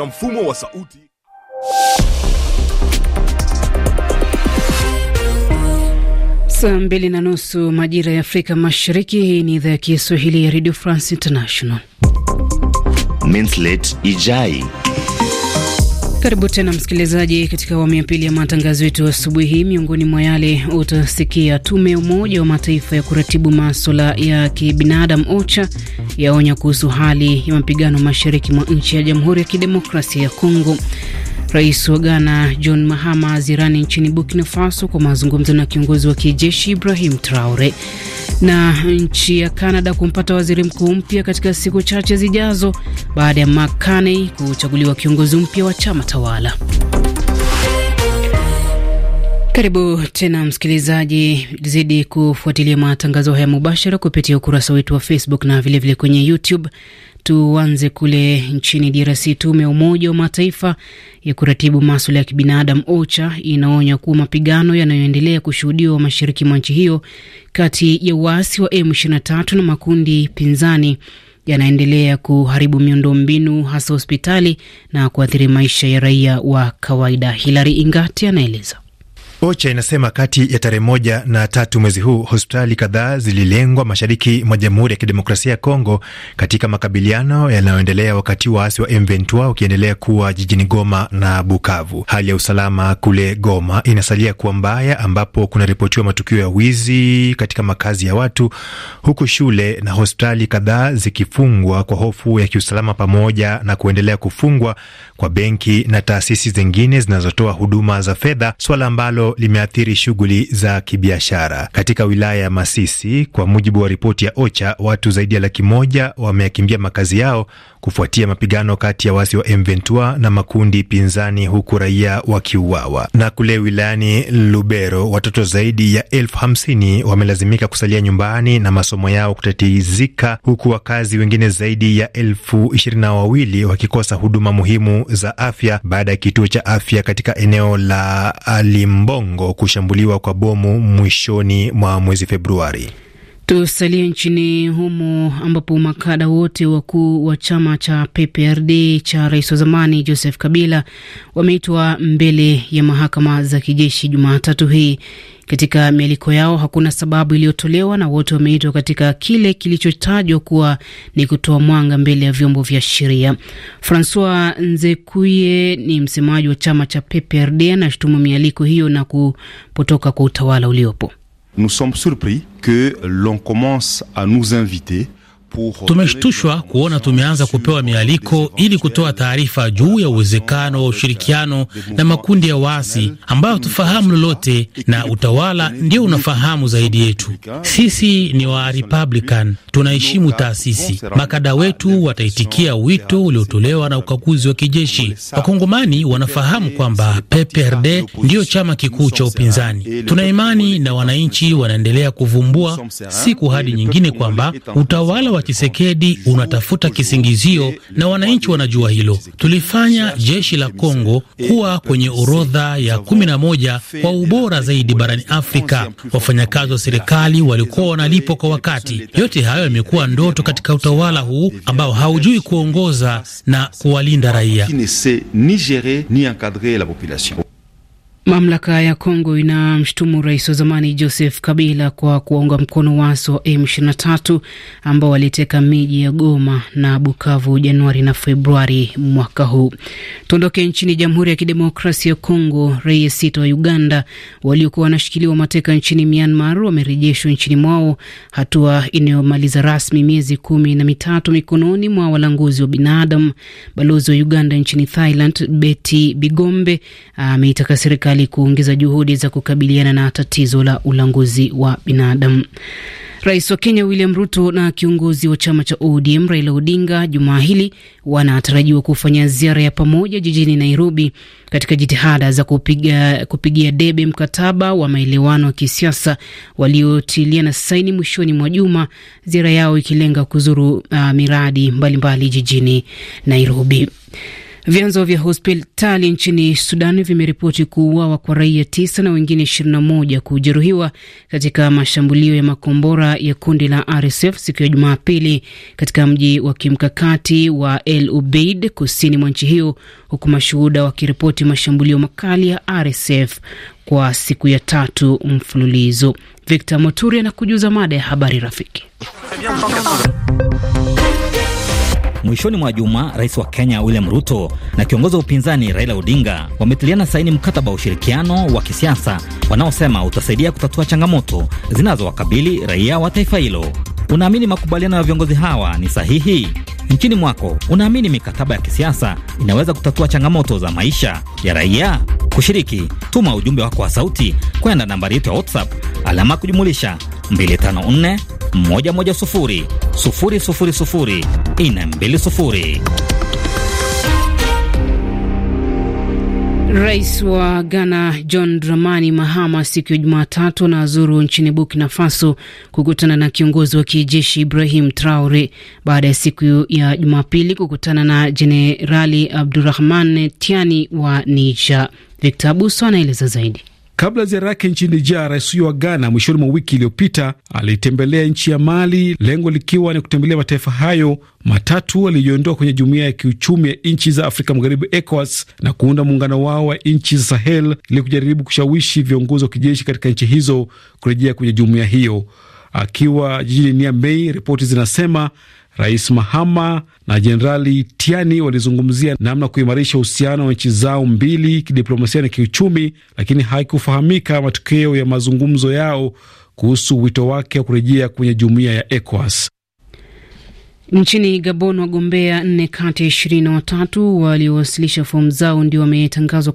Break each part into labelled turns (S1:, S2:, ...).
S1: ya mfumo wa sauti.
S2: Saa mbili na nusu majira ya Afrika Mashariki. Hii ni idhaa ya Kiswahili ya Radio France International.
S1: Minslate Ijai
S2: karibu tena msikilizaji, katika awamu ya pili ya matangazo yetu asubuhi hii. Miongoni mwa yale utasikia, tume ya Umoja wa Mataifa ya kuratibu maswala ya kibinadamu OCHA yaonya kuhusu hali ya mapigano mashariki mwa nchi ya Jamhuri ya Kidemokrasia ya Kongo. Rais wa Ghana John Mahama zirani nchini Burkina Faso kwa mazungumzo na kiongozi wa kijeshi Ibrahim Traore. Na nchi ya canada kumpata waziri mkuu mpya katika siku chache zijazo baada ya Mark Carney kuchaguliwa kiongozi mpya wa chama tawala. Karibu tena msikilizaji, zidi kufuatilia matangazo haya mubashara kupitia ukurasa wetu wa Facebook na vilevile vile kwenye YouTube Tuanze kule nchini DRC. Tume ya Umoja wa Mataifa ya kuratibu maswala ya kibinadamu OCHA inaonya kuwa mapigano yanayoendelea kushuhudiwa mashariki mwa nchi hiyo kati ya waasi wa M23 na makundi pinzani yanaendelea kuharibu miundo mbinu hasa hospitali na kuathiri maisha ya raia wa kawaida. Hilary Ingati anaeleza.
S1: OCHA inasema kati ya tarehe moja na tatu mwezi huu hospitali kadhaa zililengwa mashariki mwa Jamhuri ya Kidemokrasia ya Kongo katika makabiliano yanayoendelea wakati waasi wa M23 wakiendelea kuwa jijini Goma na Bukavu. Hali ya usalama kule Goma inasalia kuwa mbaya, ambapo kunaripotiwa matukio ya wizi katika makazi ya watu, huku shule na hospitali kadhaa zikifungwa kwa hofu ya kiusalama, pamoja na kuendelea kufungwa kwa benki na taasisi zingine zinazotoa huduma za fedha, swala ambalo limeathiri shughuli za kibiashara katika wilaya ya Masisi. Kwa mujibu wa ripoti ya OCHA, watu zaidi ya laki moja wameyakimbia makazi yao kufuatia mapigano kati ya wasi wa M23 na makundi pinzani, huku raia wakiuawa. Na kule wilayani Lubero, watoto zaidi ya elfu hamsini wamelazimika kusalia nyumbani na masomo yao kutatizika, huku wakazi wengine zaidi ya elfu ishirini na wawili wakikosa huduma muhimu za afya baada ya kituo cha afya katika eneo la Alimbo Kongo kushambuliwa kwa bomu mwishoni mwa mwezi Februari.
S2: Tusalie nchini humo ambapo makada wote wakuu wa chama cha PPRD cha rais wa zamani Joseph Kabila wameitwa mbele ya mahakama za kijeshi Jumatatu hii. Katika mialiko yao hakuna sababu iliyotolewa na wote wameitwa katika kile kilichotajwa kuwa ni kutoa mwanga mbele ya vyombo vya sheria. Francois Nzekuye ni msemaji wa chama cha PPRD anashutumu mialiko hiyo na kupotoka kwa utawala uliopo.
S1: nous sommes surpris que l'on commence à nous inviter
S2: Tumeshtushwa kuona
S3: tumeanza kupewa mialiko ili kutoa
S2: taarifa
S1: juu ya uwezekano wa ushirikiano na makundi ya waasi
S3: ambayo hatufahamu lolote, na utawala ndio unafahamu zaidi yetu. Sisi ni wa Republican, tunaheshimu taasisi. Makada wetu wataitikia wito uliotolewa na ukaguzi wa kijeshi. Wakongomani wanafahamu kwamba PPRD ndiyo chama kikuu cha upinzani. Tuna imani na wananchi wanaendelea kuvumbua siku hadi nyingine kwamba utawala wa wa Chisekedi unatafuta kisingizio na wananchi wanajua hilo. Tulifanya jeshi la Kongo kuwa kwenye orodha ya kumi na moja kwa ubora zaidi barani Afrika. Wafanyakazi wa serikali walikuwa wanalipwa kwa wakati. Yote hayo yamekuwa ndoto katika utawala huu ambao haujui kuongoza na kuwalinda raia.
S2: Mamlaka ya Kongo inamshutumu rais wa zamani Joseph Kabila kwa kuwaunga mkono waasi wa M23 ambao waliteka miji ya Goma na Bukavu Januari na Februari mwaka huu. Tuondoke nchini Jamhuri ya Kidemokrasia ya Kongo. Raia sita wa Uganda waliokuwa wanashikiliwa mateka nchini Myanmar wamerejeshwa nchini mwao, hatua inayomaliza rasmi miezi kumi na mitatu mikononi mwa walanguzi wa binadamu. Balozi wa Uganda nchini Thailand Betty Bigombe ameitaka serikali serikali kuongeza juhudi za kukabiliana na tatizo la ulanguzi wa binadamu. Rais wa Kenya William Ruto na kiongozi wa chama cha ODM Raila Odinga jumaa hili wanatarajiwa kufanya ziara ya pamoja jijini Nairobi katika jitihada za kupiga, kupigia debe mkataba wa maelewano ya kisiasa waliotilia na saini mwishoni mwa juma, ziara yao ikilenga kuzuru uh, miradi mbalimbali mbali jijini Nairobi. Vyanzo vya hospitali nchini Sudan vimeripoti kuuawa kwa raia tisa na wengine 21 kujeruhiwa katika mashambulio ya makombora ya kundi la RSF siku ya Jumapili katika mji wa kimkakati wa El Ubeid kusini mwa nchi hiyo, huku mashuhuda wakiripoti mashambulio makali ya RSF kwa siku ya tatu mfululizo. Victor Moturi anakujuza mada ya habari rafiki
S3: Mwishoni mwa juma, rais wa Kenya William Ruto na kiongozi wa upinzani Raila Odinga wametiliana saini mkataba wa ushirikiano wa kisiasa wanaosema utasaidia kutatua changamoto zinazowakabili raia wa taifa hilo. Unaamini makubaliano ya viongozi hawa ni sahihi? Nchini mwako unaamini mikataba ya kisiasa inaweza kutatua changamoto za maisha ya raia? Kushiriki, tuma ujumbe wako wa sauti kwenda nambari yetu ya WhatsApp alama ya kujumulisha 254 ina mbili sufuri.
S2: Rais wa Ghana John Dramani Mahama siku ya Jumatatu na azuru nchini Burkina Faso kukutana na kiongozi wa kijeshi Ibrahim Traore baada ya siku ya Jumapili kukutana na Jenerali Abdurahman Tiani wa Niger. Victor Abuso anaeleza zaidi. Kabla ziara
S4: yake nchini Niger, rais huyo wa Ghana mwishoni mwa wiki iliyopita alitembelea nchi ya Mali, lengo likiwa ni kutembelea mataifa hayo matatu alijiondoa kwenye jumuiya ya kiuchumi ya nchi za Afrika Magharibi, ECOWAS, na kuunda muungano wao wa nchi za Sahel ili kujaribu kushawishi viongozi wa kijeshi katika nchi hizo kurejea kwenye jumuiya hiyo. Akiwa jijini Niamey, ripoti zinasema Rais Mahama na Jenerali Tiani walizungumzia namna kuimarisha uhusiano wa nchi zao mbili kidiplomasia na kiuchumi, lakini haikufahamika matokeo ya mazungumzo yao kuhusu wito wake wa kurejea kwenye jumuiya ya ECOWAS.
S2: Nchini Gabon, wagombea nne kati ya ishirini na watatu waliowasilisha fomu zao ndio wametangazwa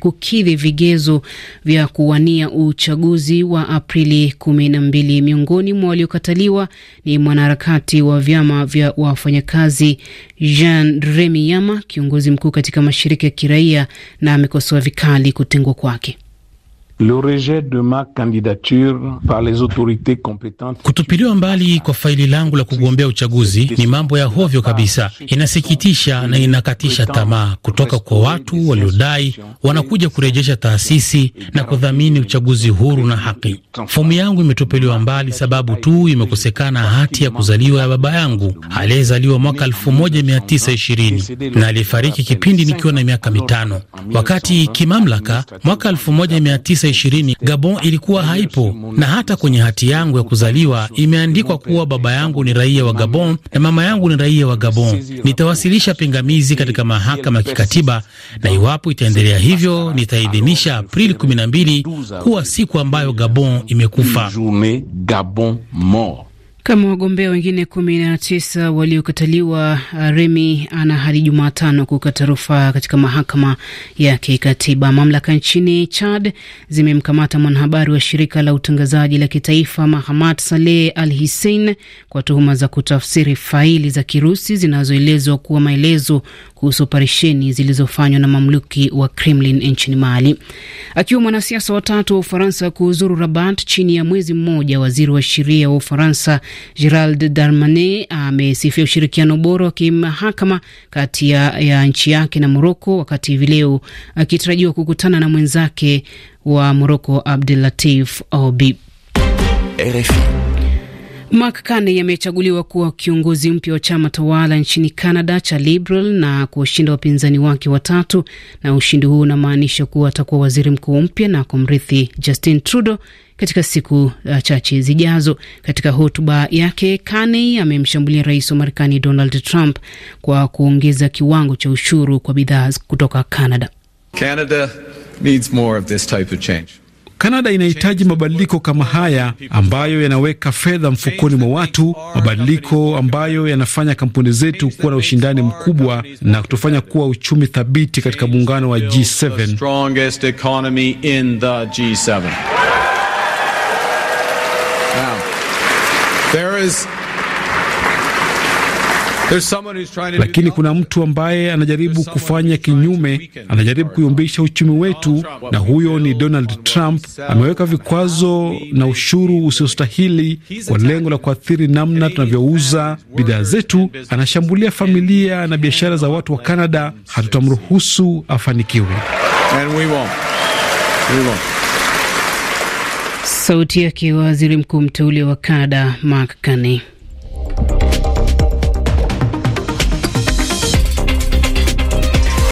S2: kukidhi vigezo vya kuwania uchaguzi wa Aprili kumi na mbili. Miongoni mwa waliokataliwa ni mwanaharakati wa vyama vya wafanyakazi Jean Remi Yama, kiongozi mkuu katika mashirika ya kiraia, na amekosoa vikali kutengwa kwake.
S4: Le rejet de ma candidature par les autorités competentes.
S2: Kutupiliwa
S3: mbali kwa faili langu la kugombea uchaguzi ni mambo ya hovyo kabisa. Inasikitisha na inakatisha tamaa kutoka kwa watu waliodai wanakuja kurejesha taasisi na kudhamini uchaguzi huru na haki. Fomu yangu imetupiliwa mbali sababu tu imekosekana hati ya kuzaliwa ya baba yangu aliyezaliwa mwaka 1920 na aliyefariki kipindi nikiwa na miaka mitano, wakati kimamlaka mwaka 19 ishirini, Gabon ilikuwa haipo, na hata kwenye hati yangu ya kuzaliwa imeandikwa kuwa baba yangu ni raia wa Gabon na mama yangu ni raia wa Gabon. Nitawasilisha pingamizi katika mahakama ya kikatiba, na iwapo itaendelea hivyo, nitaidhinisha Aprili 12 kuwa siku ambayo Gabon imekufa.
S2: Kama wagombea wengine kumi na tisa waliokataliwa, uh, Remi ana hadi Jumatano kukata rufaa katika mahakama ya kikatiba. Mamlaka nchini Chad zimemkamata mwanahabari wa shirika la utangazaji la kitaifa Mahamat Saleh Al Hussein kwa tuhuma za kutafsiri faili za Kirusi zinazoelezwa kuwa maelezo kuhusu operesheni zilizofanywa na mamluki wa Kremlin nchini Mali. Akiwa mwanasiasa watatu wa Ufaransa kuhuzuru Rabat chini ya mwezi mmoja, waziri wa sheria wa Ufaransa Gerald Darmanin amesifia ushirikiano bora wa kimahakama kati ya, ya nchi yake na Moroko, wakati hivi leo akitarajiwa kukutana na mwenzake wa Moroko Abdel Latif Obi. RFI. Mark Carney amechaguliwa kuwa kiongozi mpya wa chama tawala nchini Canada cha Liberal na kuwashinda wapinzani wake watatu, na ushindi huu unamaanisha kuwa atakuwa waziri mkuu mpya na kumrithi Justin Trudeau katika siku uh, chache zijazo. Katika hotuba yake, Carney amemshambulia rais wa Marekani Donald Trump kwa kuongeza kiwango cha ushuru kwa bidhaa kutoka Canada.
S4: Canada needs more of this type of change. Kanada inahitaji mabadiliko kama haya ambayo yanaweka fedha mfukoni mwa watu, mabadiliko ambayo yanafanya kampuni zetu kuwa na ushindani mkubwa na kutufanya kuwa uchumi thabiti katika muungano wa G7. There is lakini kuna mtu ambaye anajaribu kufanya kinyume, anajaribu kuyumbisha uchumi wetu, na huyo ni Donald Trump. Uh, Ameweka vikwazo na ushuru usiostahili kwa lengo la kuathiri namna tunavyouza bidhaa zetu. Anashambulia familia na biashara za watu wa Kanada.
S2: Hatutamruhusu afanikiwe.
S4: And we won't. We won't.
S2: Sauti yake waziri mkuu mteule wa Kanada Mark Carney.